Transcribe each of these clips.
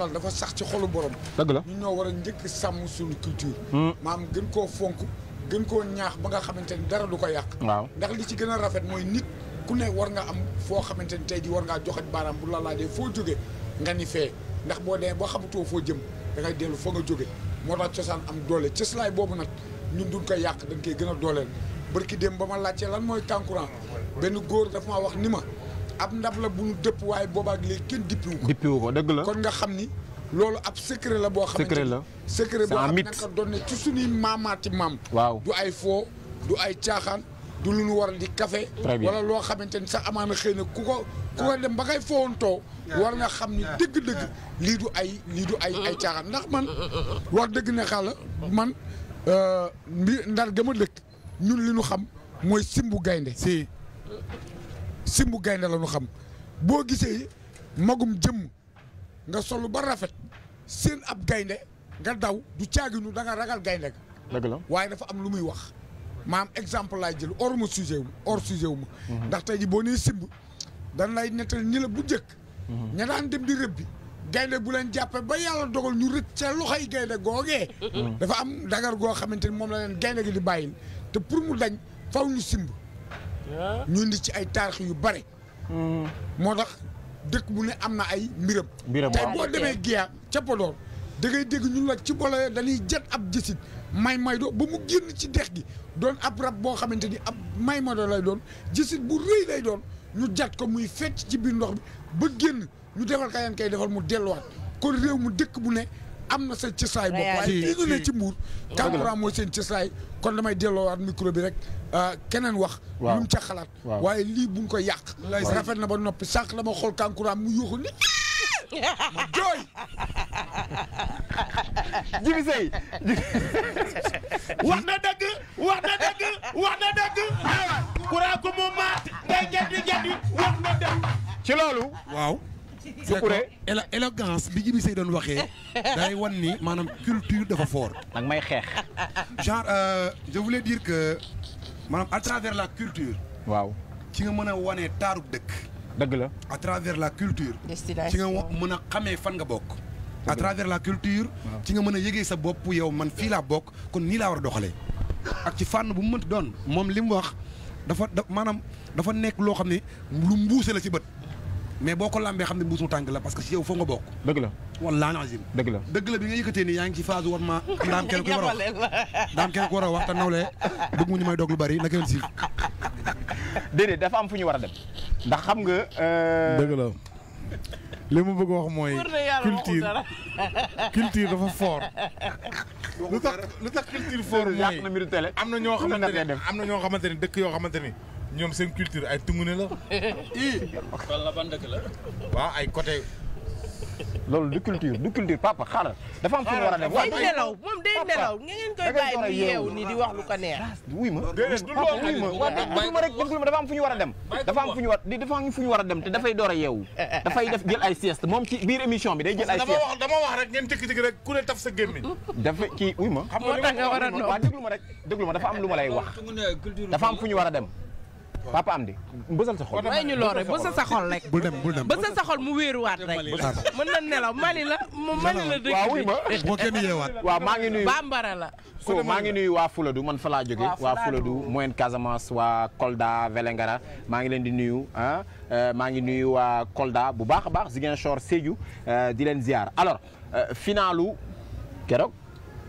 alal dafa sax ci xolu borom. dëgg la ñu ñoo war a njëkk sàmm suñu culture. Hmm. maam gën koo fonk gën koo ñaax ba nga xamante ni dara du ko yàq. waaw ndax li ci gën a rafet mooy nit ku ne war nga am foo xamante ni tey jii war ngaa joxe baaraam bu la laajee foo jógee nga ni fee ndax boo demee boo xamatoo foo jëm da ngay dellu fa nga jóge moo tax cosaan am doole cëslaay boobu nag ñun duñ ko yàq dañ koy gën a dooleel barki dem ba ma laajtee lan mooy kankurang benn góor dafa ma wax ni ma ab ndab la bu ñu dëpp waaye boobaak léegi kenn dippiwu ko. dippiwu ko dëgg la kon nga xam ni. loolu ab secret la boo. xamante secret la secret boo xam ne nga doon ci suñuy maamaati maam. waaw du ay foo du ay caaxaan. du lu ñu war di café wala loo xamante ni sa amaana xëy na ku ko dem ba ngay foowantoo war nga xam ni dëgg-dëgg lii du ay lii du ay ay caaxaan ndax man wax dëgg ne xala man euh, mbi ndar gama dëkk ñun li ñu xam mooy simbu gaynde si simbu gaynde la ñu xam boo gisee magum jëmm nga solu ba rafet seen ab gaynde nga daw du caaginu da nga ragal gaynde ga la waaye dafa am lu muy wax maam exemple laay jël or ma sujet wu or sujet wu ma mhm. ndax tey ji boo nee simb dan lay nettal ñi la bu njëkk mhm. ña daan dem di rëbbi gaynde bu leen jàppee ba yàlla dogal ñu rëcc ca loxoy gaynde googee mhm. dafa am dagar goo xamante ni moom la leen gaynde gi di bàyyil te pour mu dañ faw ñu simb ñu ndi ci ay taarix yu bare. moo tax dëkk bu ne am na ay mbiram. mbiram tey boo demee Guiya ca Podor. da ngay dégg ñun la ci bolo dañuy jët ab jësit may may do ba mu génn ci dex gi doon ab rab boo xamante ni ab may ma doo lay doon jësit bu rëy lay doon ñu jat ko muy fecc ci biir ndox bi ba génn ñu defal ka yan kay defal mu delluwaat kon réew mu dëkk bu ne. am na sa cësaay bopp waaye lii ñu ne ci mbuur Tamboura mooy seen cësaay kon damay delloowaat micro bi rek euh, keneen wax lu mu ca xalaat waaye lii bu ñu ko yàq rafet na ba noppi sànq dama xool Kankoura mu yuuxu ni ma jooy Jibi wax na dëgg wax na dëgg wax ko mu maat ngay geddi geddi wax na dëgg ci Soucouré élo élégance bi Djibi doon waxee day wan ni maanaam culture dafa fort. nag may xeex. genre euh, je voulais dire que maanaam à travers la culture. waaw ci nga mën a wane taarug dëkk. dëgg la à travers la culture. ci nga mën a xamee fan nga bokk. à la culture. ci nga mën a yëgee sa bopp yow man fii laa bokk kon nii laa war a doxalee. ak ci fànn bu mu mënti doon moom li mu wax dafa maanaam dafa nekk loo xam ne lu mbuuse la ci bët. mais boo ko lambee xam ne mbuusu tànk la parce que si yow foo nga bokk. dëgg la wallaahi azim. dëgg la dëgg la bi nga yëkkatee nii yaa ngi ci phase war ma daam kenn ku war a wax daam kenn ku a wax te nawle bëgg mu ñu may dog lu bari naka yoon si. dafa am fu ñu war a dem. ndax xam nga. Euh, dëgg la li bëgg wax mooy. culture culture dafa fort. lu tax lu tax culture fort mooy. am na ñoo xamante ne am na ñoo xamante ne dëkk yoo xamante ni. ñoom seen culture ay tungune la. wala ban dëkk la. ay côté. loolu du culture du culture papa xaaral. dafa am fu mu a dem waaw day nelaw moom day nelaw. papa ngeen koy bàyyi mu yeewu ni di wax lu ko neex. wuy ma papa ma waaw déglu ma rek dafa am fu ñu war a dem. dafa am fu ñu war ñu war a dem te dafay door a yeewu. dafay def jël ay sieste moom ci biir émission bi day jël ay sieste. dama wax dama wax rek ngeen jékki-jékki rek ku ne taf sa gémmiñ. dafa kii wuy ma. xam nga li rek déglu ma dafa am lu ma lay wax. dafa am fu ñu war a dem papa am di bësal sa xol. may ñu lool rek bësal sa xol rek. bul dem bul dem mu wéeruwaat rek. mën na nelaw Mali la Mali la dëkk bi waaw kenn yeewaat. maa ngi nuyu bambara la. maa ngi nuyu waa Fuladu man fa laa jóge waa Fuladu moyenne Casamance waa Kolda Vélingara maa ngi leen di nuyu ah eh, maa ngi nuyu waa Kolda bu baax a baax Ziguinchor Sédhiou eh, di leen ziar alors eh, finalu keroog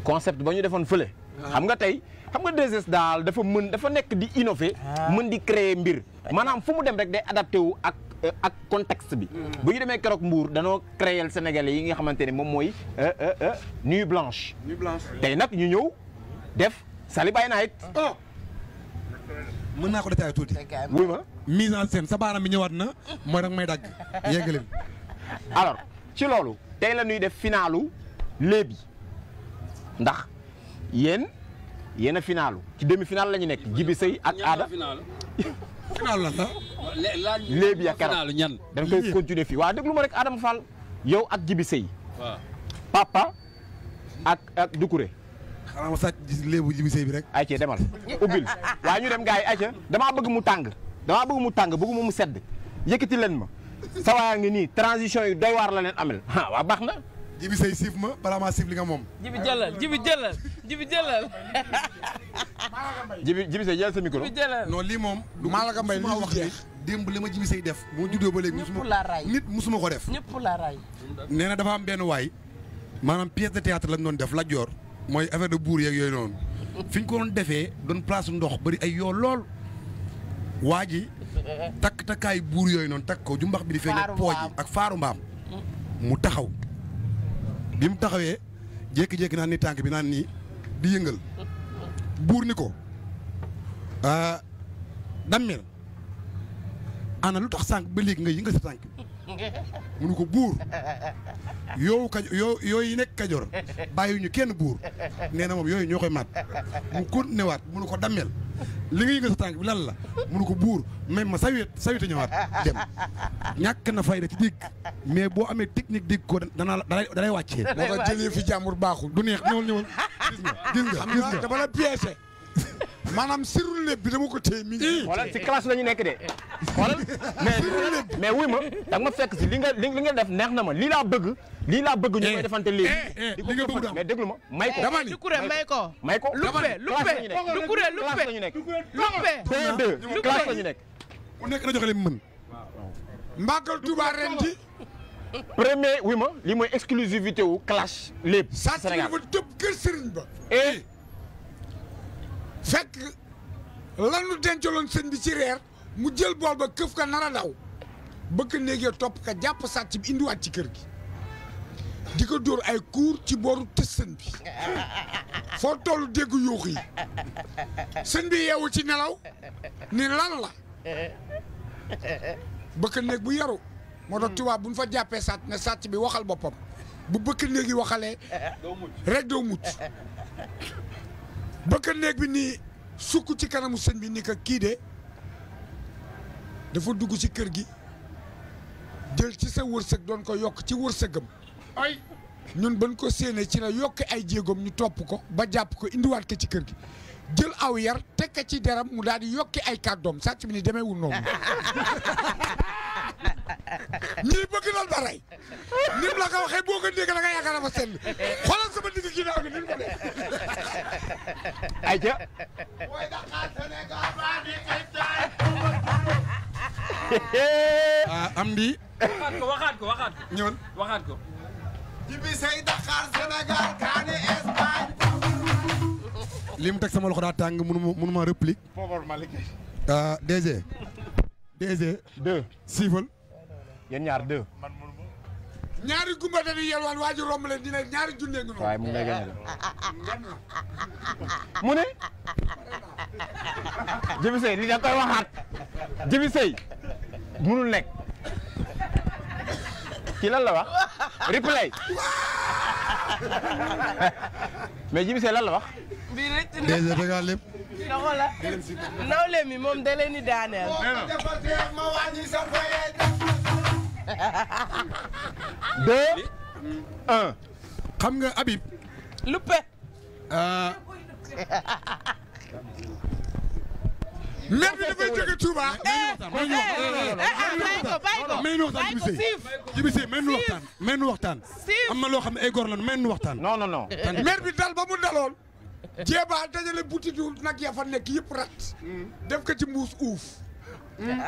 concept ba ñu defoon fële ah. xam nga tey. xam nga 2S daal dafa mën dafa nekk di innover. Ah. mën di créer mbir. maanaam fu mu dem rek day adapté wu ak euh, ak contexte bi. Hmm. bu ñu demee keroog mbuur danoo créer Sénégalais yi nga xamante ne moom mooy euh, euh, nuit blanche. nuit tey nag ñu ñëw def Sali Baye Night. Oh. mën naa ko détaillé tuuti. wuy ma mise en scène sa baaram bi ñëwaat na mooy nag may dagg yeggaleen. alors ci loolu tey la ñuy def finalu léebi ndax yéen. yéen a finalu ci demi final la ñu nekk Jibi Sëy ak Aada. final la sax. léegi ya keroog ñan. dañ koy continuer fii waa déglu ma rek Adama Fall yow ak Jibi Sëy. waaw papa ak ak Doucouré. xanaa ma bi rek. ayca demal ubbil waaye ñu dem gars yi ayca damaa bëgg mu tàng damaa bëgg mu tàng bëgguma mu sedd yëkkati leen ma. sawaaya ngi nii transition yi doy waar la leen amel waa baax na. jibi say siif ma balaa siif li nga moom. jibi jëlal jibi jëlal jibi jëlal. jibi jibi say jëlal sa micro. jibi jëlal lii moom. Malaga Mbaye li mu wax ni démb li ma jibi def. moo juddoo ba léegi musuma nit musuma ko def. ñëpp laa raay. nee dafa am benn waay maanaam pièce de théâtre lañ doon def Lat Joor mooy affaire de buur yooyu noonu fi ñu ko doon defee doon place ndox bari ay yoo lool waa ji takk takkaay buur yooyu noonu takk ko jumbax bi di feeñee pooj ak faaru mbaam mu taxaw. bi mu taxawee jékki-jékki naan ni tànk bi naan nii di yëngal buur ni ko ah, dammel ana lu tax sànq ba léegi nga yëngal sa tànk munu ko buur yow ka yow yi nekk Kajoor bàyyiwuñu kenn buur nee na moom yooyu ñoo koy mat mu continué waat munu ko dammel li nga yëngal sa tànk bi lan la munu ko buur même ma sawit sawite ñëwaat dem ñàkk na fayda ci dégg mais boo amee technique dégg ko danaa la dalay wàccee. moo tax jëlee fi jàmbur baaxul du neex ñëwal ñëwal gis nga gis nga. xam la piégé. maanaam sirul lépp bi dama ko téye si classe la ñu nekk de. xoolal mais mais wuy ma da nga fekk si li nga li nga def neex na ma lii laa bëgg. lii laa bëgg ñu koy defante léegi. di ko defante mais déglu ma may ko. dama ni may ko may ko. dama ni classe la ñu nekk classe la ñu nekk. ku nekk na joxe leen mën. Mbagal Touba ren ji. premier wuy ma lii mooy exclusivité wu classe lépp. Sénégal saa si li ma tëb kër Serigne fekk lanu dencaloon sëñ bi ci reer mu jël bool ba këf ka nar a daw bëkk néegee topp ka jàpp sàcc bi indiwaat ci kër gi di ko dóor ay kuur ci booru tës sëñ foo tollu dégg yuux yi sëñ yeewu ci nelaw ni lan la bëkk néeg bu yaru moo tax tubaab bu ñu fa jàppee sàcc na sàcc bi waxal boppam bu bëkk néeg yi waxalee rek doo mucc bëkk néeg bi nii sukk ci kanamu sëñ bi ni ko kii de dafa dugg ci kër gi jël ci sa wërsëg doon ko yokk ci wërsëgam ay ñun bañ ko séenee ci la yokk ay jéegoom ñu topp ko ba jàpp ko indiwaat ko ci kër gi jël aw yar teg ko ci deram mu daal di yokki ay kàddoom sàcc bi ni demeewul noonu ñii bëgg nañ ba rey ni la ko waxee boo ko dégg da nga yaakaar dafa sell xoolal sama digg kii naa ko ni mu ko def. ayca. ah am di. waxaat ko waxaat ko waxaat ko. ñëwal waxaat ko. jibi say Sénégal kaani Espagne. li mu teg sama loxo daa tàng mënu réplique. Ah, DG. DG. E. deux siifal. yéen ñaar deux. ñaari gumba dañuy yelwaan waa romb leen dina ñaari junne ngi waaye mu ngi lay gën a li da koy waxaat Jibi Sey munul nekk ci lan la wax replay mais Jibi Sey la wax. bii rëcc na dèjà dëgg mi moom da leen daaneel. deux un. xam nga Habib. Luppe. Euh. maire bi dafay jóge Touba. bàyyi ko bàyyi ko may nu waxtaan ci bisee may nu waxtaan may loo xam ne ay góor nu waxtaan. non bi dal ba jeebaa dajale butitu nag ya nekk yépp rat mm. def ko ci mbuus uuf mm.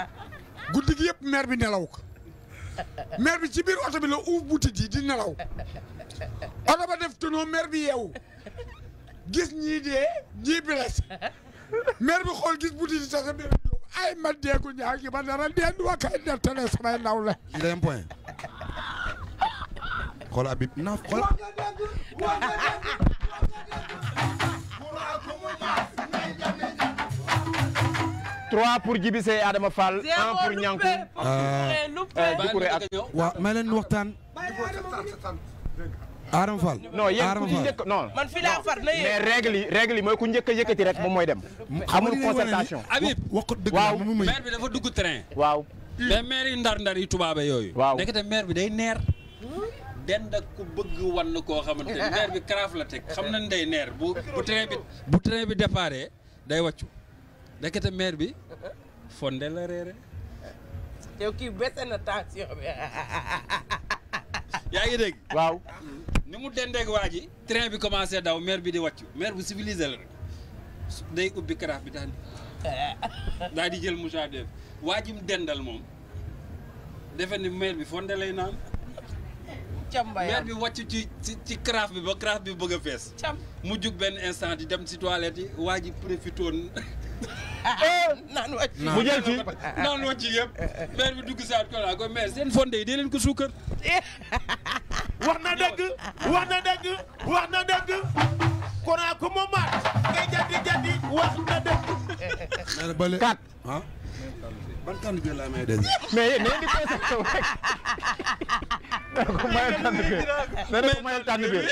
guddi gi yëpp bi nelaw ko mer bi ci biir oto bi la uuf butit yi di nelaw oto ba def tonoo maire bi yeewu gis ñii dee ñii biles maire bi xool gis butit yi tasa maire bi ay man deegu ñaa gi ma dara deen wa kay nettale samay ndaw la il point xool Habib na xool 3 pour Djibi Seye Adama Fall 1 pour Niankou. Doucouré ah. eh, ak waaw may leen waxtaan. Adama Fall. non yéen ku ci njëkk non man fi laa far na mais règle mooy ku njëkk a yëkkati rek moom mooy dem. amul concertation Habib wax ko dëgg la mu muy dafa dugg train. waaw. mais maire yu ndar-ndar yu tubaabe yooyu. waaw nekkate maire bi day neer. dend ak ku bëgg wàll koo xam ne maire bi karaaf la teg xam nañ day neer bu bu train bi bu bi déparé day wàccu. ndekete maire bi fonde la reere yow kii bese na tension bi yaa ngi dégg waaw ni mu dendeeg waa ji train bi commencé daw maire bi di wàccu maire bu civilisé la rek day ubbi karaaf bi daal di daal di jël moussa def waa ji mu dendal moom defe ni maire bi fonde lay naan maire bi wàcc ci ci ci karaaf bi ba karaaf bi bëgg a fees mu jug benn instant yi dem si toilette waa ji profitoon Eh, naan wàcc. mu jël ci naan wàcc yëpp. maire bi dugg saa ko laa fonde yi dee leen ko suukar. wax na dëgg wax na dëgg wax na dëgg. Kona ku mu maat ngay wax na dëgg. kat ah? mais mais di constaté wu rek. nee na ku mayal candidat nee na ku mayal candidat.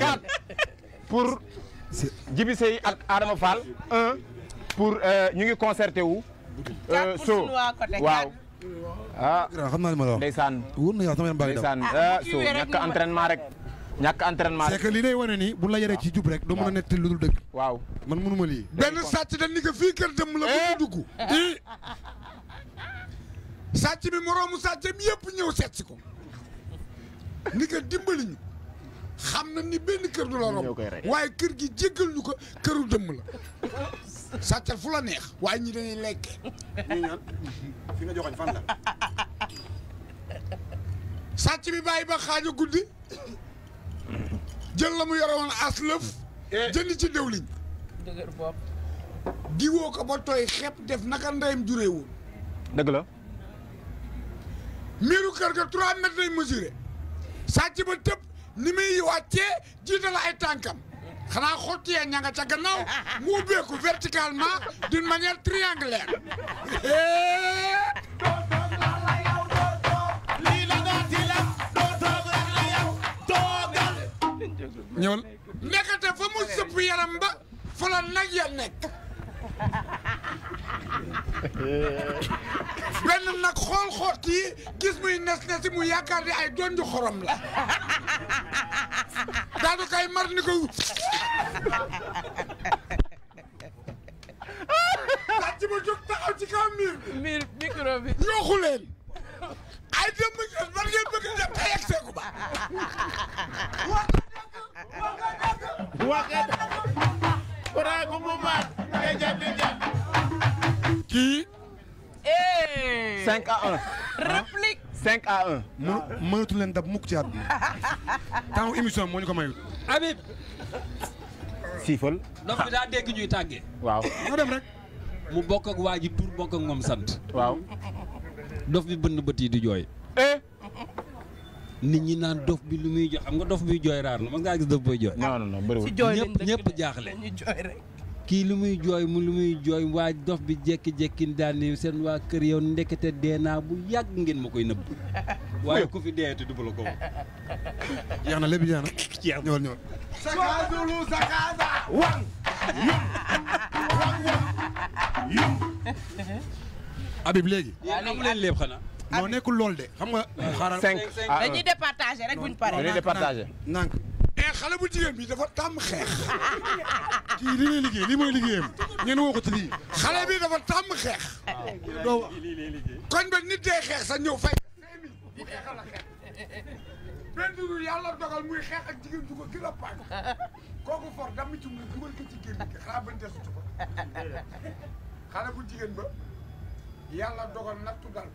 kat pour Djibi ak Adama Fall un. pour euh, ñu ngi concerté wu. Euh, so waaw. ah xam naa li ma la wax ndeysaan. wóor na yàlla sama yeneen baa ngi daw ñàkk entraînement rek. ñàkk entrenement rek c'est que wane nii bu la yaree ci jub rek doo mën a nettali lu dul dëgg. waaw man mënu ma lii. benn sàcc dañ ni ko fii kër dem la bu eh. dugg. sàcc bi moroomu sàccam yëpp ñëw seet si ko. ni dimbali ñu. xam na ni benn kër du la romb waaye kër gi jéggal ñu ko këru dëmm la sàccal fu la neex waaye ñi dañuy lekk nga joxoñ fan sàcc bi bàyyi ba xaaja guddi jël la mu yore woon aslëf eh. jënd ci dëwliñ diwoo ko ba tooy xepp def naka ndeyam juree woon dëgg la miiru kër ga trois mètres lay sàcc ba tëb ni muy wàccee jiital ay tànkam xanaa xottiyee ña nga ca gannaaw mu ubbeeku verticalement d'une manière triangulaire. ñëwal nekkate fa mu sëpp yaram ba fa la nag ya nekk. benn nag xool xoot yi gis muy nes nesi mu yaakaar di ay doon xorom la daadu kay mar ni ko daa ci ma jóg taxaw ci kaw miir bi miir micro ay dem ma gis man ngeen bëgg def te seeku ba waxe waxe ko mo ma kii 5 réplique 5 à 1. mënu mënatu leen dab mukk ci àdduna. temps émission moo ñu ko mayut. Habib. siifal. ndox mi daa dégg ñuy tàggee. waaw ñoo dem rek. mu bokk ak waa ji tur bokk ak moom sant. waaw. dof bi bënn bët yi di jooy. Eh? nit ñi naan dof bi lu muy jox xam nga dof bi jooy raar na mën ngaa gis dof booy jooy. non non non bëriwul ñëpp ñëpp jaaxle. kii li muy jooy mu li muy jooy waa dof bi jékki-jékki daan seen waa kër yow ndekete dee naa bu yàgg ngeen ma koy nëbb waaye ku fi deeti du la ko na lépp na. jeex ñëwal ñëwal. Sakazulu yum wang léegi. yéen amu leen lépp xanaa. non nekkul lool de xam nga. xaaral cinq ah, dañuy euh. départager rek buñ paree. dañuy départager nank mais eh, xale bu jigéen bi dafa tàmm xeex kii li muy liggéey li mooy liggéeyam ngeen woo ko ci lii xale bi dafa tàmm xeex doo koñ ba nit dee xeex sax ñëw fay di xeexal a xeex benn jour yàlla dogal muy xeex ak jigéen ju ko gën a paak kooku for dam mi ci mu dugal ko ci génn gi xanaa bañ des ci ko xale bu jigéen ba yàlla dogal nattu dal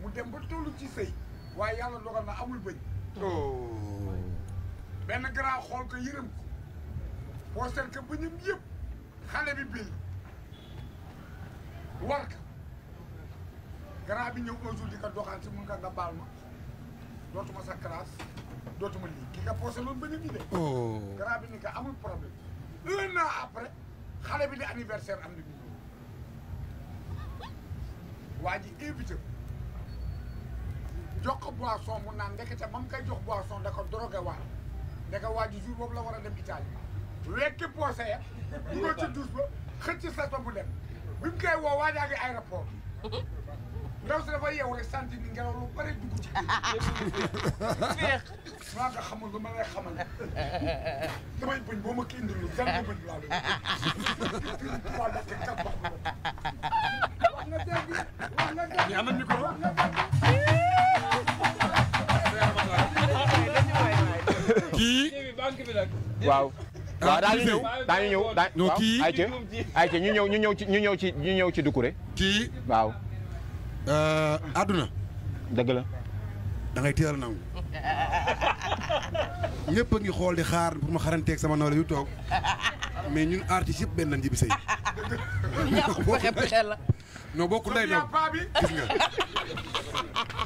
mu dem ba tollu ci sëy waaye yàlla dogal na amul bëñ oh. benn grand xool ko yërëm ko forcer ko ba ñëm yëpp xale bi bil war ka grand bi ñëw un jour di ko doxaan si mun nga nga baal ma dootuma sa classe dootuma lii ki nga posé loolu ba ñëm de oh. grand bi ni nga amul problème un an après xale bi di anniversaire am na bi waa ji invité ko jox ko boisson mu ndekete ba mu koy jox boisson da ko drogué waat da nga waaj jour boobu la war a dem Italie wekki poosé ya dugal ci douche ba xëcc sa bu dem bi mu koy woo waajaa ngi aéroport ndaw si dafa yeew rek sant ni ngelaw lu bëri dugg ci neex maa nga xamul lu ma lay xamal damay bëñ boo ma kii indilu gan ma bëñ laa wax nga dégg wax nga dégg wax nga dégg kii waaw. Ah, waaw daa ñu ñëw daa ñu ñëw daa waaw ayca ayca ñu ñëw ñu ñëw ci ñu ñëw ci ñu ñëw ci Doucouré. kii waaw. Euh, àdduna. dëgg la. da ngay teel a nangu. a ngi xool di xaar pour ma xaranteeg sama nawle yu toog mais ñun artistes yëpp benn nañ ji bisay.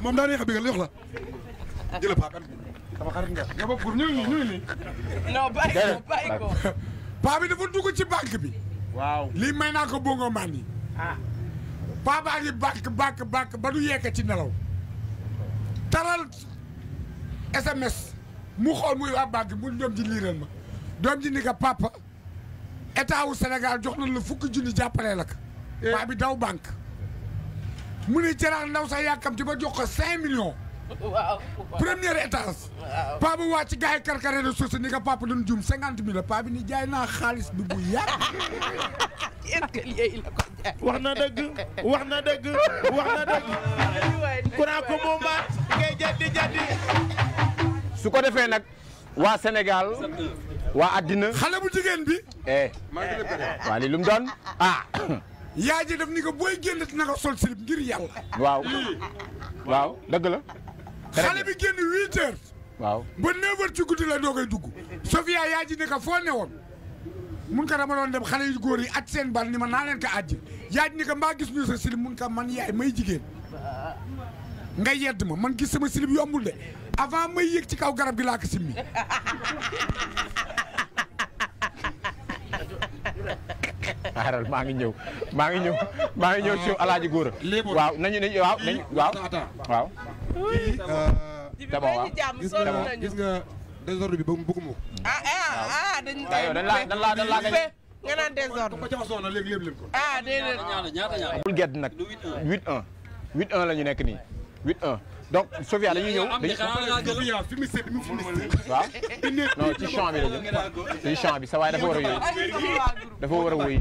moom daa neex a yox la sama xarit nga nga bopp ñu ngi dafa dugg ci bank bi. waaw lii ma naa ko bongo maan yi. ah paa baa ba du yekk ci nelaw. taral SMS mu xool muy waa banque mu doom ji liiral ma doom ji ni ko papa état wu jox nañ la fukki junni jàppale la ko. Eh. paa bi daw banque. mu ne jaraax ndaw sax ti ba jox ko 5 millions. waaw première étage. waaw paa bu wàcc gars yi karkare de suuf si ni nga papa doon juum jaay naa xaalis bi bu yàgg. wax na dëgg wax na dëgg wax na dëgg. courant su ko defee nag waa Sénégal waa àddina. xale bu jigéen bi. eh waa li lu doon ah. yaa ji daf ni ko booy génn naka sol slip ngir yàlla. waaw dëgg la. xale bi génn huit waaw ba neuf heures ci guddi la doo koy dugg. Sofia yaa ji ne ka foo ne woon mun ka dama dem xale yu góor yi at seen bal ni ma naa leen ko àjji yaa ji ne ka mbaa gis ñu sa silib mun ka man yaay may jigéen nga yedd ma man gis sama silib yombul de avant may yëg ci kaw garab gi laa ko simmi. xaaral maa ngi ñëw maa ngi ñëw maa ngi ñëw ci alaaji góor waaw nañu nañu waaw kii d'abord gis nga gis nga désordre bi bëgg bëggu ma ko. ah ah dañu dañu la dañu la nga naan désordre. ko jaxasoo na léegi lépp leen ko. ah déedéet ñaata ñaata ñaata. bul gedd nag 8-1. 8-1 la ñu nekk nii 8-1. donc Sofia dañuy ñëw dañuy. Sofia fumiste bi mu fumiste. waaw non ci champ bi la dafa war a yooyu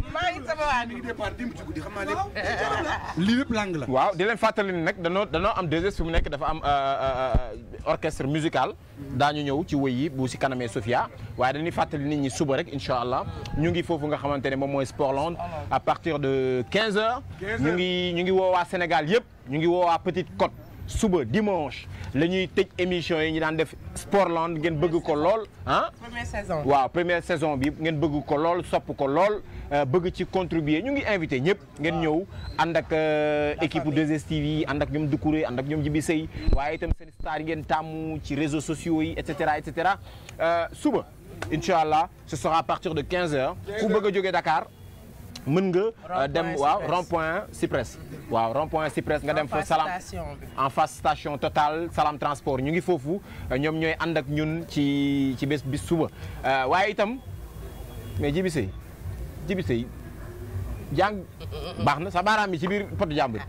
lii lépp langue la. waaw di leen fàttali ni nag danoo danoo am deux heures mu nekk dafa am euh, euh, orchestre musical daañu ñëw ci wóy yi bu si kanamee Sofia waaye dañuy fàttali nit ñi suba rek incha allah ñu ngi foofu nga xamante ne moom mooy Sportland à partir de 15 heures. ñu ngi ñu woowaa Sénégal yëpp ñu ngi woowaa Petite Côte. suba dimanche la ñuy tëj émission yi ñu daan def Sportland ngeen bëgg ko lool ah. première saison waaw première saison bi ngeen bëgg ko lool sopp ko lool euh, bëgg ci contribuer ñu ngi invité ñëpp. ngeen ñëw ànd ak euh, équipe 2STV yi ànd ak ñoom Doucouré ànd ak ñoom Djibi Sey waaye itam seen star ngeen tàmmu ci réseaux sociaux yi et cetera et cetera euh, suba incha allah ce sera à partir de 15h. bëgg a jógee Dakar. mën nga euh, dem waaw rond point waaw rond point nga dem fa salam en face station Total salam transport ñu ngi foofu euh, ñoom ñooy ànd ak ñun ci ci bés bis suba euh, waaye itam mais Djibi Sèye Djibi baax na sa baaraam bi ci biir pot jàmbur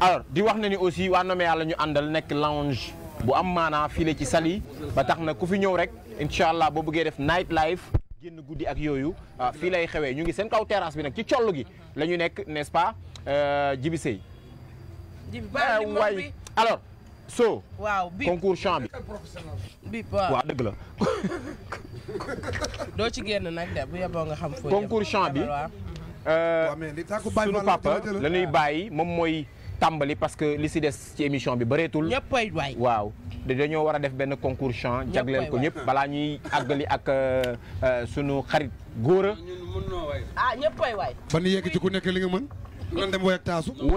alors di wax na ni aussi waa Nome Yàlla ñu àndal nekk lounge bu am maanaa file ci Saly ba tax na ku fi ñëw rek incha allah boo bëggee def night life génn guddi ak yooyu ah, fii lay xewee ñu ngi seen kaw terrasse bi nag ci coll gi la nekk n'est-ce pas euh, Djibi Seye eh, alors so waaw bi concours chant bi waaw dëgg la doo ci génn nag de bu bi euh, sunu papa la ñuy bàyyi moom mooy tàmbali parce que li si des ci émission bi bëreetul. ñëppay waay waaw dañoo war a def benn concours chant. jagleel ko ñëpp balaa ñuy àggali ak euh, euh, sunu xarit góora. ah ñëppay waay. fan yegg ci ku nekk li nga mën. lan dem woy ak taasu. la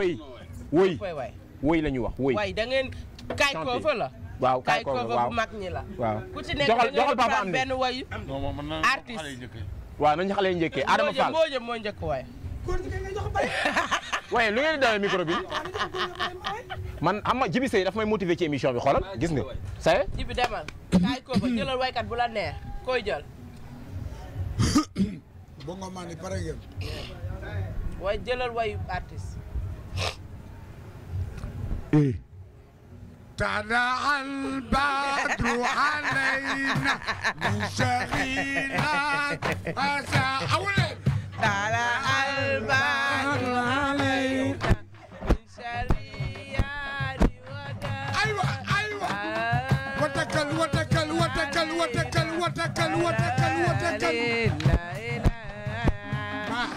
ñu wax woy. waay da ngeen kaay koo fa la. waaw kaay koo fa mag ñi la. waaw ku ci benn woyu. artiste waaw nañu xale yi njëkkee Adama Fall waay. waaye lu ngeen di dawee micro bi man xam nga Jibi dafa may motiver ci émission bi xoolal gis nga. Seye Jibi demal. kaay ko ba jëlal waykat bu la neex koy jël. boo nga maa ne pare ngeen. waaye jëlal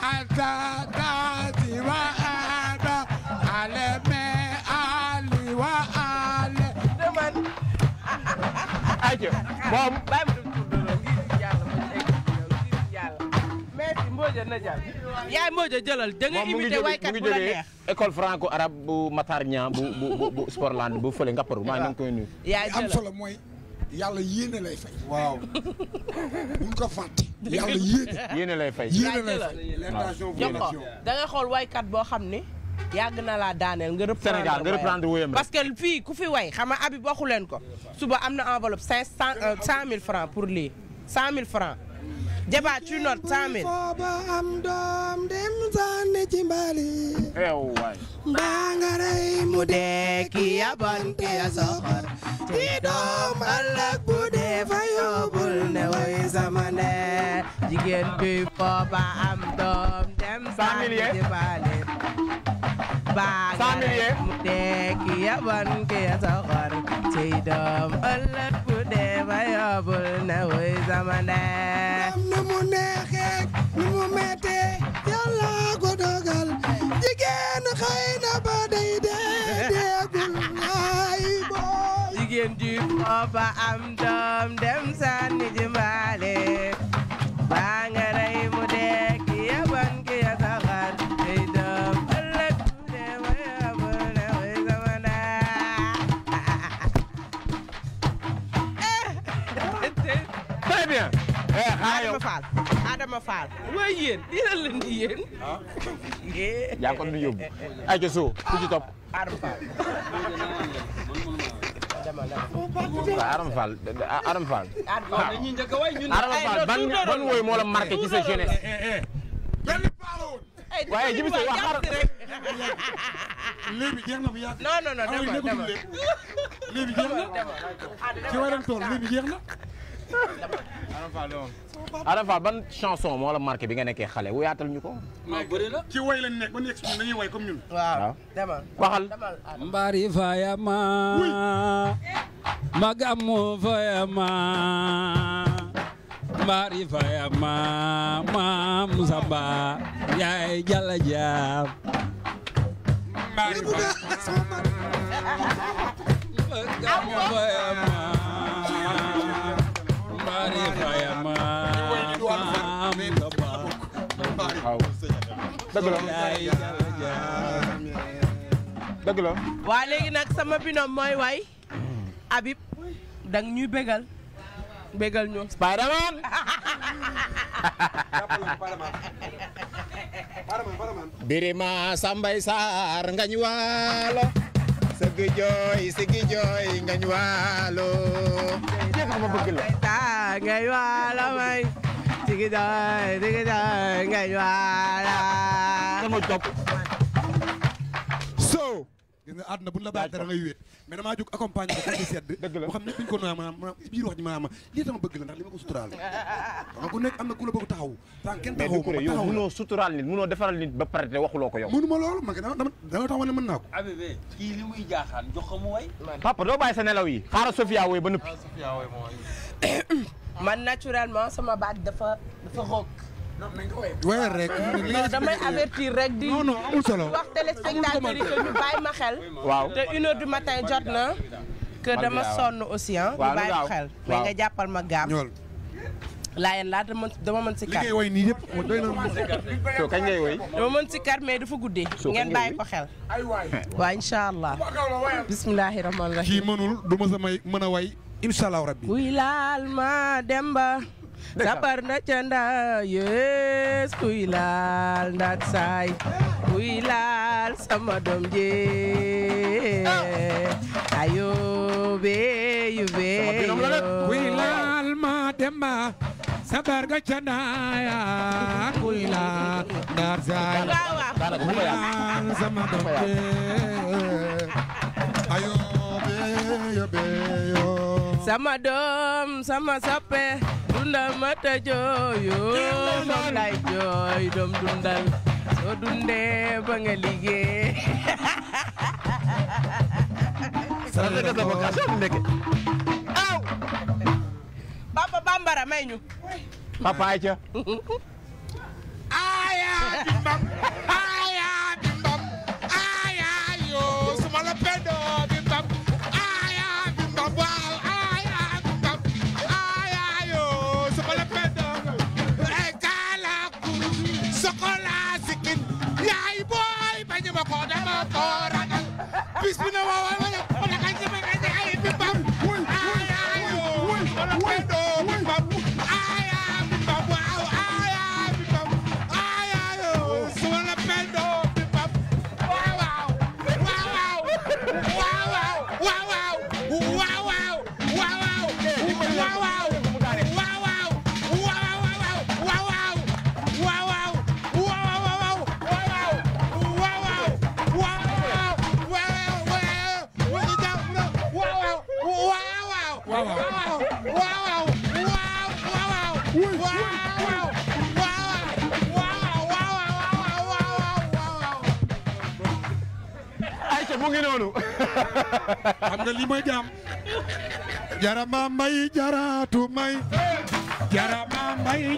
ajo moom yaay Mbodja jëlal da nga imité waykat bu la neex école bu Matar Niang bu Sportland bu fële Ngaparou maa ngi koy nuyu yaay solo mooy yàlla yéene lay fay. waaw. buñ ko fàtte. yàlla yéene. yéene lay fay yéene lay fay. jox ko da ngay xool waykat boo xam ne. yàgg na laa daaneel nga reprendre Sénégal nga reprendre wóyam parce que fii ku fi way xam nga abi waxu leen ko. suba am na enveloppe cinq cent euh, cent mille francs pour lii cent mille francs. Jaba tu note cent mille. Mbangaray mu dee ki yabante ya soxor. Ci doom ëllëg bu dee fa yóbbul ne woy sama ne. Jigéen bi fooba am doom dem sànni jibaale. Mbangaray mu dee ki yabante ya soxor. Ci doom ëllëg bu dee fa yóbbul ne woy sama jigéen xëy na ba day dee deegul ay booy jigéen ju foofa am doom dem sànni ji baa nga rey mu dee ki yaban ki ya saxar ay doom ëllëg mu dee way amul way sama naa très bien eh ah, xaayo Ibrahima Fall waaye yéen di lan la ni yéen ah. yaa ngi eh, eh, eh. ay ca soo ku ci topp Adama Fall Adama Fall Adama Fall Adama ah. Fall ban ban wooy moo ci sa ci waran tool léegi jeex na Ada Fass ban chanson moo la marqué bi nga nekkee xale wuyaatal ñu ko. maa bëri la ci woy lañ nekk Mbari fayama maam Samba yaay jalla Mbari fayama dëgg la dëgg la. léegi nag sama binom mooy waay Habib dang ñuy bégal bégal ñu. Spiderman. Birima Sambay Saar ngañ waalo. sëgg jooy sëgg jooy ngañ waalo. ngañ waalo may. sëgg jooy sëgg jooy ngañ waalo. so gis nga àdduna bu ñu la bàyyi dara ngay wéet mais damaa jóg accompagné ko ci sedd boo xam ne bu ñu ko nooy maanaam ci biir wax ji maanaam lii dama bëgg la ndax li ma ko suturaal xam ku nekk am na ku la bëgg taxaw tant kenn taxaw ma yow mënoo suturaal nit mënoo defaral nit ba pare te waxuloo ko yow mënuma loolu man dama dama taxaw ne mën sama baat dafa dafa roog weer rek. non damay avertir rek di. non amul solo wax téléspectateur yi que ñu bàyyi ma xel. waaw te une heure matin jot na. que dama sonn aussi ah. bàyyi ma xel mais nga jàppal ma gaam. laayeen laa dama mën si kar. li ngay woy nii yëpp si kar mais dafa guddee. ngeen bàyyi ko xel. waaw incha allah. bismillahi rahmaani rahiim. kii mënul du ma mën a way incha allah rabbi. wuy laal ma demba. sapar nda ca ndaa kuy laal ndaat saay kuy laal sama doom jee ayo beyu beyu kuy laal ma demba sapar ga ca ndaaya kuy kuy laal sama doom jee ayo beyu beyu sama doom sama sappe lamata jooyo moom lay jooy doom dundal soo dundee ba nga liggéey sarata def na vocation mu aw papa bambara may ñu papa ay ca aaya bis bi na waawaay na lii mooy jaam jarama mbay jaraatu may jarama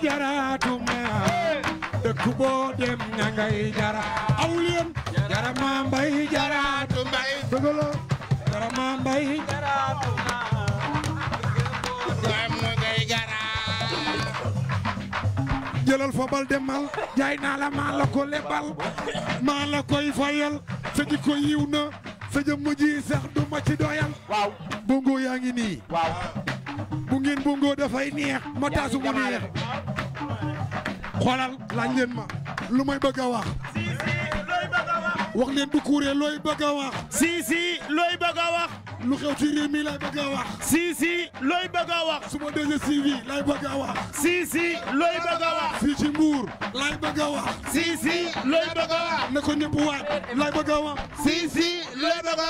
jaraatu may dëkk boo dem ña ngay jara aw leen jarama mbay jaraatu may dëgala jarama mbay jaraatu jëlal demal jaay naa la maa la ko lebal maa la koy fayal sa jikko yiw na sa jëmm ji sax du ma ci doyal. waaw yaa ngi nii. waaw bu ngeen bongo dafay neex. ma taasu mu neex. xoolal laaj leen ma lu may bëgg a wax. si si wax. leen du kuuree looy bëgg wax. si si looy bëgg wax. lu xew ci réew mi lay bëgg a wax. si si looy bëgg a wax. su ma dese si bi lay bëgg a wax. si ko ñëpp waat lay bëgg a wax. si si looy bëgg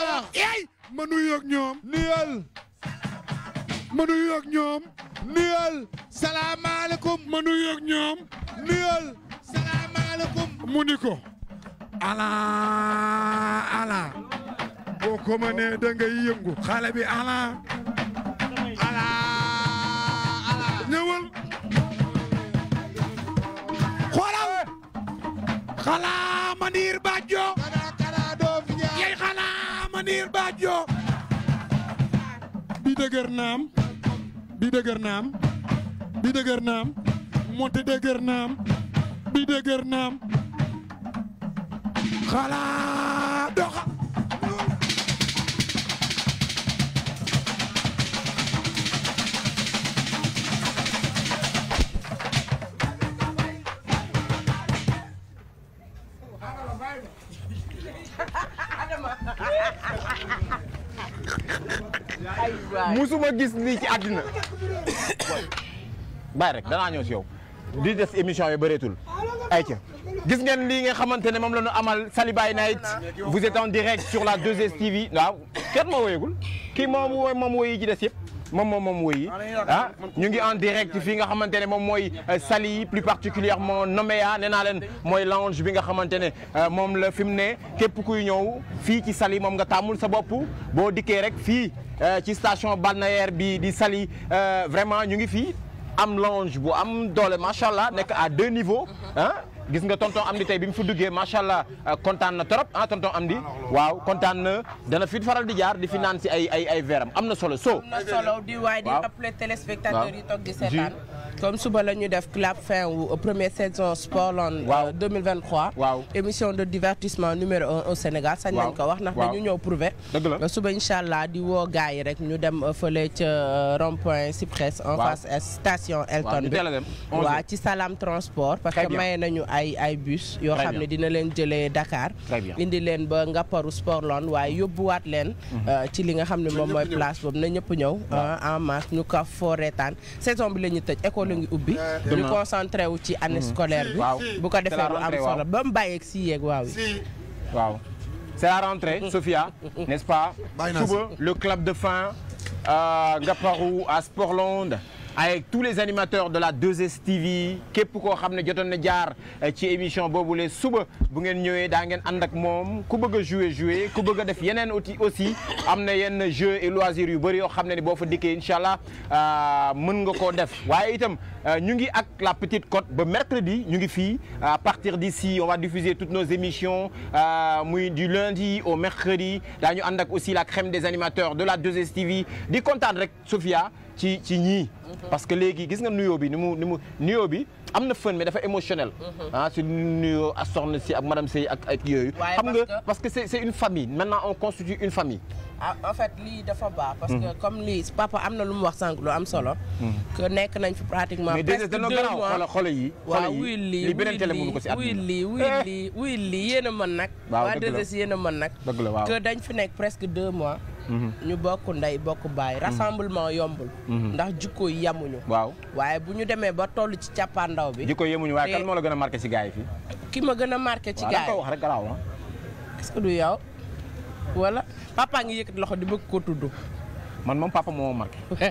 ma nuyoo ak ñoom. nuyal. ma ma nuyoo ak ñoom. nuyal. salaamaaleykum. mu ni ko. ala ala. boo ko mënee da ngay yëngu xale bi ala ala ala ñëwal xoolal xala Manir Badjo yey xala Manir Badjo bi dëgër naam bi dëgër naam bi dëgër naam monte dëgër naam bi dëgër naam xala doxa musuma gis lii ci àddina bàyyi rek danaa ñëw si yow di des émission yi bëreetul ayca gis ngeen lii nga xamante ne moom la ñu amal Salibaay Night vous êtes en direct sur la 2STV waaw kenn moo woyagul kii moom moom woyi ci des yëpp moom moom moom woy ah, ah ñu ngi en direct fii nga xamante ne moom mooy euh, Saly plus particulièrement Noméa nee naa leen mooy lounge bi nga xamante ne euh, moom la fi mu ne képp kuy ñëw fii ci Saly moom nga tàmmul sa bopp boo dikkee rek fii euh, ci station balnéaire bi di Saly vraiment ñu ngi fii am lounge bu am doole macha allah nekk à deux niveaux ah gis nga tonton Amdi tey bi mu fi duggee macha allah euh, kontaan na trop ah tonton di waaw kontaan na dana fi faral di jaar di fi naan si ay ay ay veram am na solo so. am di waay di appeler téléspectateurs yi toog di seetaan comme suba la ñuy def clap fin wu euh, première saison sport lon. Euh, waaw 2023. waaw émission de divertissement numéro un au Sénégal. sañ nañ ko wax ndax dañu ñëw prouver. dëgg la euh, suba incha allah di woo gars yi rek ñu dem fële ca rond point Cyprès. en face station Elton. waaw waa ci Salam transport. parce que maye nañu ay ay bus. yoo xam ne dina leen jëlee Dakar. indi leen ba Ngaparou sport lon waaye yóbbuwaat leen. Mhm. ci li nga xam ne moom mooy place boobu na ñëpp ñëw. en masse ñu ko foo bi la ñu école ngi ubbi. ñu concentré wu ci année hmm. scolaire bi. bu ko defee lu am solo ba mu bàyyeeg si yeeg waaw yi. waaw c'est la rentrée hmm. Sophia n'est-ce pas. suba le club de fin euh, Ngaparou à Sportland avec tous les animateurs de la 2STV képp koo xam ne jotoon na jaar eh, ci émission boobule suba bu ngeen ñëwee daa ngeen ànd ak moom ku bëgg a jouer ku bëgg def yeneen outil aussi am na yenn jeux et loisirs yu bëri yoo xam ne ni boo fa dikkee incha allah euh, mën nga koo def waaye itam euh, ñu ngi ak la petite cote ba mercredi ñu ngi fii à partir d'ici on va diffuser toutes nos émissions euh, muy du lundi au mercredi daañu ànd ak aussi la crème des animateurs de la 2STV di kontaan rek Sophia ci ci ñii mhm. parce que léegi gis nga nuyoo bi ni mu ni mu nuyoo bi am na fën mais dafa émotionnel mhm. ah, si nuyoo ak soxna si ak madame Sey ak ak yooyu xam nga parce que c'est c'est une famille maintenant on constitue une famille ah, en fait lii dafa baax parce mhm. que comme lii papa am na lu mu wax lu am solo que nekk nañ fi pratiquement mais déjà danoo gannaaw xoola xoola yi waaw wuy lii lii beneen télé mënu ko a mën nag waa a mën presque deux mois Mm-hmm. ñu bokk ndey bokk baay. Mm-hmm. rassemblement yombul. Mm-hmm. ndax jikko yi yamuñu. waaw waaye bu ñu demee ba toll ci càppaandaw bi. jikko yemuñu waaye kan moo la gën a marqué ci gars yi fii. ki ma gën a marqué ci gars yi wax rek garaaw ah. est-ce que du yow wala papa loxo di bëgg ko tudd. man moom papa moo marqué.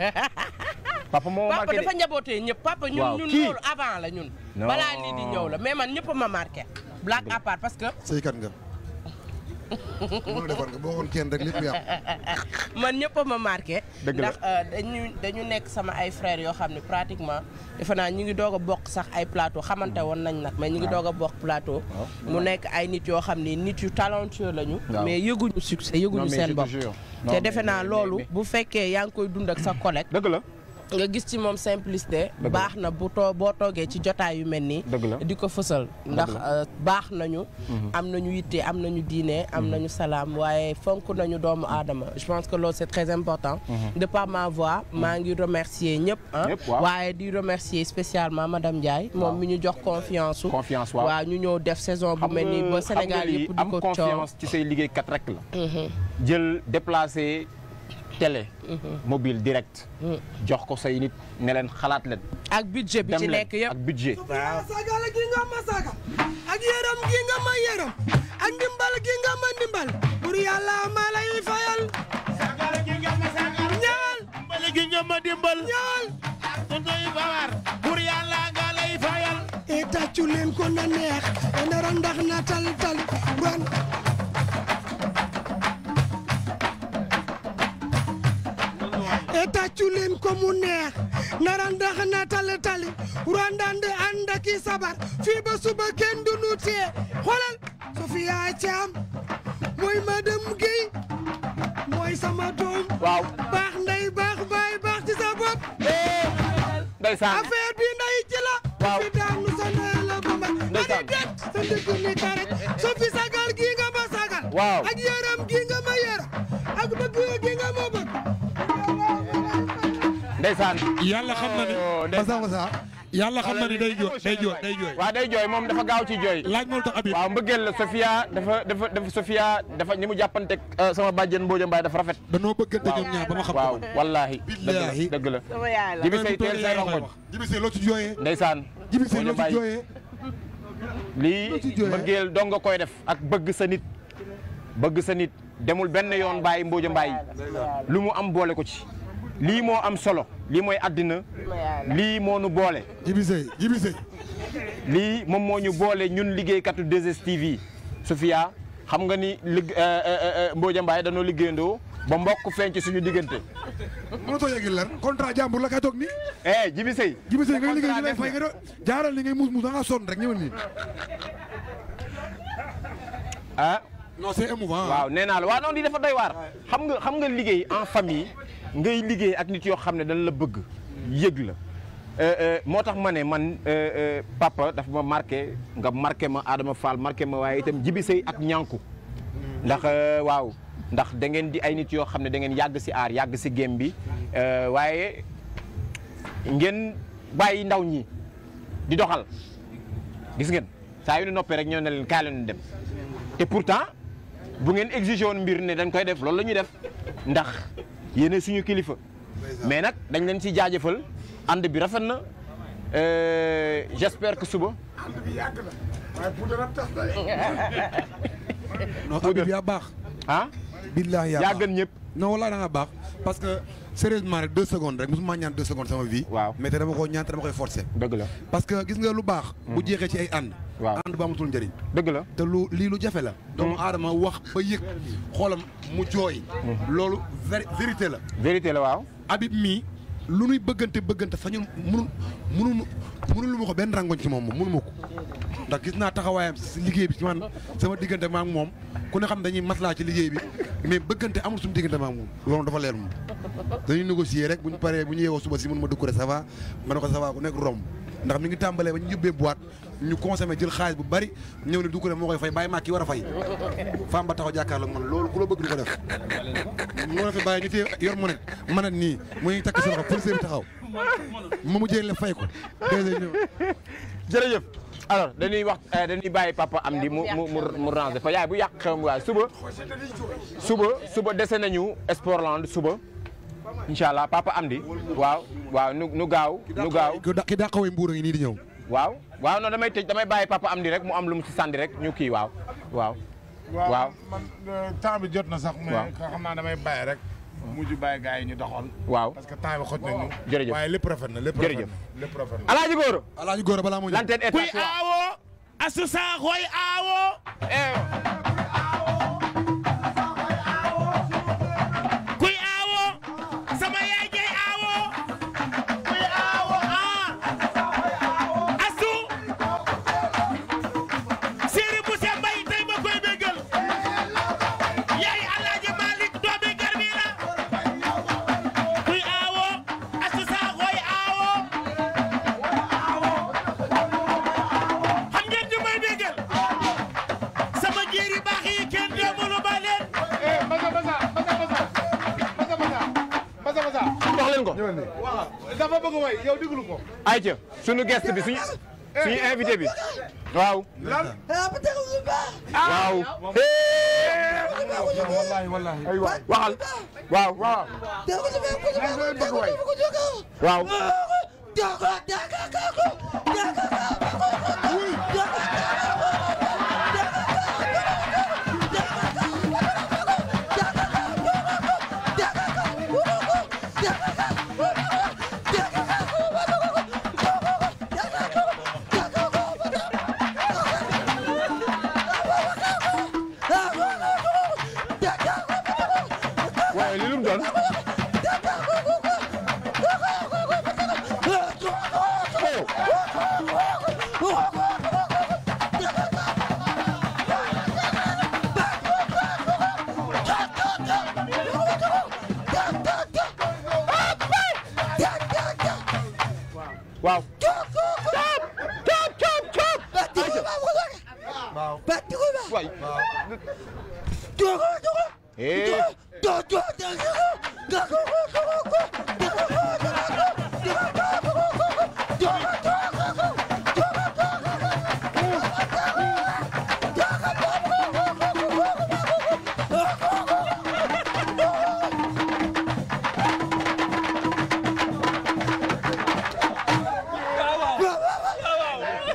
papa moo marqué de papa dafa njabootee ñëpp papa ñun ñun loolu avant la ñun. balaa lii di ñëw la mais man ñëpp ma marqué. black à parce que. saykat nga. loolu defar nga boo xoon man ñëpp a ma marqué. ndax euh, dañu dañu nekk sama ay frères yoo xam ne pratiquement defe naa ñu ngi doog a bokk sax ay plateau xamante woon nañ nag. mais ñu ngi doog a bokk plateau. mu nekk ay nit yoo xam ne nit yu talentueux lañu. mais yëguñu succès yëguñu seen bopp. te defe naa loolu bu fekkee yaa ngi koy dund ak sa collègue. dëgg la. nga gis ci moom simplicité baax na bu too boo toogee ci jotaay yu mel nii di ko fësal ndax euh, baax nañu mhm. am nañu yitte am nañu diine am mhm. nañu salaam waaye fonk nañu doomu aadama je pense que loolu c'est très important mhm. de par ma voix maa ngi remercier ñëpp waaye di remercier spécialement madame Ndiaye moom mu ñu jox confiance u confiance waaw ñu ñëw def saison bu mel nii ba Sénégal yëpp di ko coow ci say liggéeykat rek la jël déplacé télé. Mm-hmm. mobile direct. Mm-hmm. jox ko say nit ne xalaat leen. ak budget bi ci nekk gi nga ma saaga ak yërëm gi nga ma yërëm ak ndimbal gi nga ma ndimbal pour yàlla ma lay fayal. saaga gi nga lay fayal. et tàccu leen ko na neex. ndax na tal tal bon. tàccu leen ko mu neex narandax na tali tali randande ànd ak i sabar fii ba suba kenn du nu tee xoolal Sofia Thiam mooy madame Guèye mooy sama doom waaw ndey baax baay baax ci sa bopp ndeysaan affaire bi ndey ci la waaw fi daanu sa ndey la bu ma ndeysaan det sa dëgg ni ka rek Sofi sagal gi nga ma sagal waaw ak yaram nga ma yara ak bëgg ndeysaan yàlla xam na ne oh, masa masa yàlla na ne day jooy day jooy day jooy moom dafa gaaw ci jooy laaj moom tax Habib waaw mbëggeel la Sofia dafa dafa dafa Sofia mu jàppante euh, sama bàjjen Mbooja Mbaay dafa rafet danoo bëggante ñoom ñaar ba ma xam waaw wallaahi la jibi say teel say rongoñ jibi say loo ci jooyee ndeysaan jibi say loo ci jooyee lii mbëggeel dong nga koy def ak bëgg sa nit bëgg sa nit demul benn yoon bàyyi Mbooja Mbaay lu mu am boole ko ci lii moo am solo lii mooy àddina lii moo nu boole. Djiby Seye Djiby lii moom moo ñu boole ñun liggéeykatu 2STV yi Sofia xam nga ni ligg euh, euh, euh, Mbodja Mbaye dañoo liggéeyandoo ba mbokk feeñ suñu diggante. mënatoo yegg leer contrat jàmbur la kay toog nii. eh Djiby Seye. Djiby Seye nga liggéey ñu lay fay nga doon jaaral ni ngay muus muus da ngaa sonn rek ñëwal nii. ah. non waaw nee naa la waaw noonu di dafa doy waar. xam nga xam nga liggéey en famille. ngay liggéey ak nit yoo xam ne dañ la bëgg yëg la euh, euh, moo tax ma ne man euh, papa dafa ma marke nga marqué ma Adama Fall marqué ma waaye itam Jibi Sey ak ñànku ndax waaw ndax da ngeen di ay nit yoo xam ne da ngeen yàgg si aar yàgg si gém bi waaye ngeen bàyyi ndaw ñi di doxal gis ngeen saa yi ne noppee rek ñoo ne leen kaay leen dem te pourtant bu ngeen exigé woon mbir ne dañ koy def loolu la ñuy def ndax yéene suñu kilifa mais nag dañ leen ci jaajëfal ànd bi rafet na euh, j'espère que suba non Habib yaa baax ah billaah yaa ñëpp non wallaahi da sérieusement rek deux secondes rek mosuma ñaan deux secondes sama vie. waaw mais te dama ko ñaan te dama koy forcer. dëgg la parce que gis nga lu baax. bu mm. jeexee ci ay ànd. ànd ba amatul njëriñ. dëgg la te lu lii lu jafe la. doomu mm. aadama wax ba yëg xoolam mu jooy. Mm. loolu vérité la. vérité la waaw. Habib mii. lu nuy bëggante bëggante sañul mënul mënul mënul ma ko benn rangoñ ci moom moom mënu ma ko ndax gis naa taxawaayam si liggéey bi si man sama diggante ma moom ku ne xam dañuy maslaa ci liggéey bi mais bëggante amul suñu diggante ma ak moom loolu dafa leer moom dañuy négocier rek bu ñu paree bu ñu suba si mën ma dugg rek ça va ma ne ko ça va ku nekk romb ndax mu ngi tàmbalee ba ñu yóbbee waat ñu consommé jël xaalis bu bari ñëw ne Doucouré moo koy fay bàyyi maa kii war a fay femme ba taxaw jàkkaarloog man loolu ku la bëgg du ko def moo la fi bàyyi ñu yor mu ne man nii muy takk sa loxo policier bi taxaw mu mujjee la fay ko jërëjëf alors dañuy wax euh, dañuy bàyyi papa am di mu mu mu ranger fa yaay bu yàq xew waaye suba suba suba dese nañu Sportland suba incha allah papa am di waaw waaw nu nu gaaw nu gaaw ki dàqawee mbuur a ngi nii di ñëw waaw waaw non damay tëj damay bàyyi papa am di rek mu am lu mu si sànni rek ñu kii waaw waaw. waaw man euh, jot na sax. waaw xam naa damay bàyyi rek. mujj bàyyi gars yi ñu doxoon. waaw parce que temps bi xoj nañu. jërëjëf waaye lépp rafet na lépp rafet na lépp rafet na. alaaji góoro. alaaji góoro balaa muy. lanteen état kuy aawoo. asu ayca suñu guest bi suñu suñu invité bi waaw. waaw. waxal waaw waaw. waaw.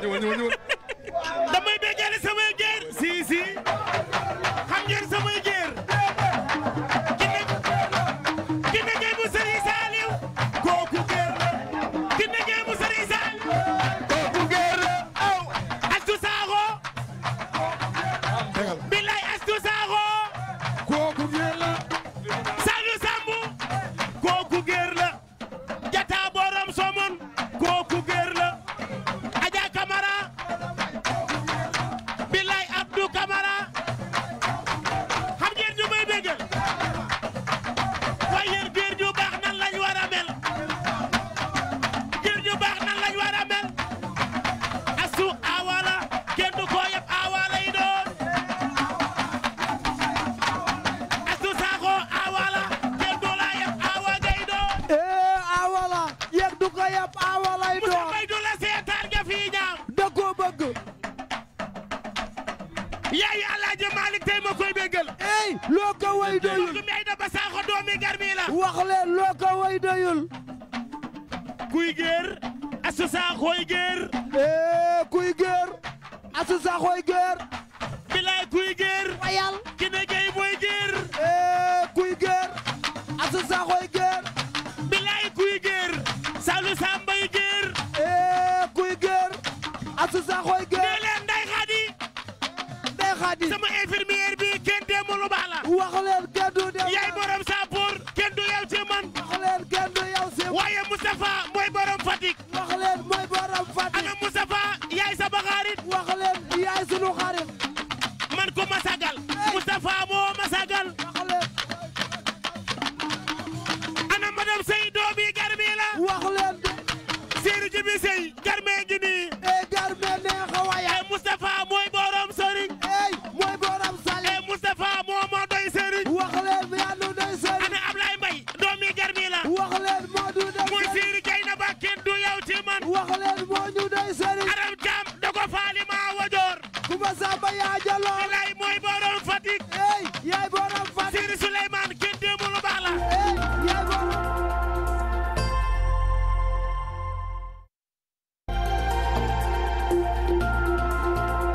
你闻，你闻，你闻。asu saxooy géer bilaay kuy géer wayal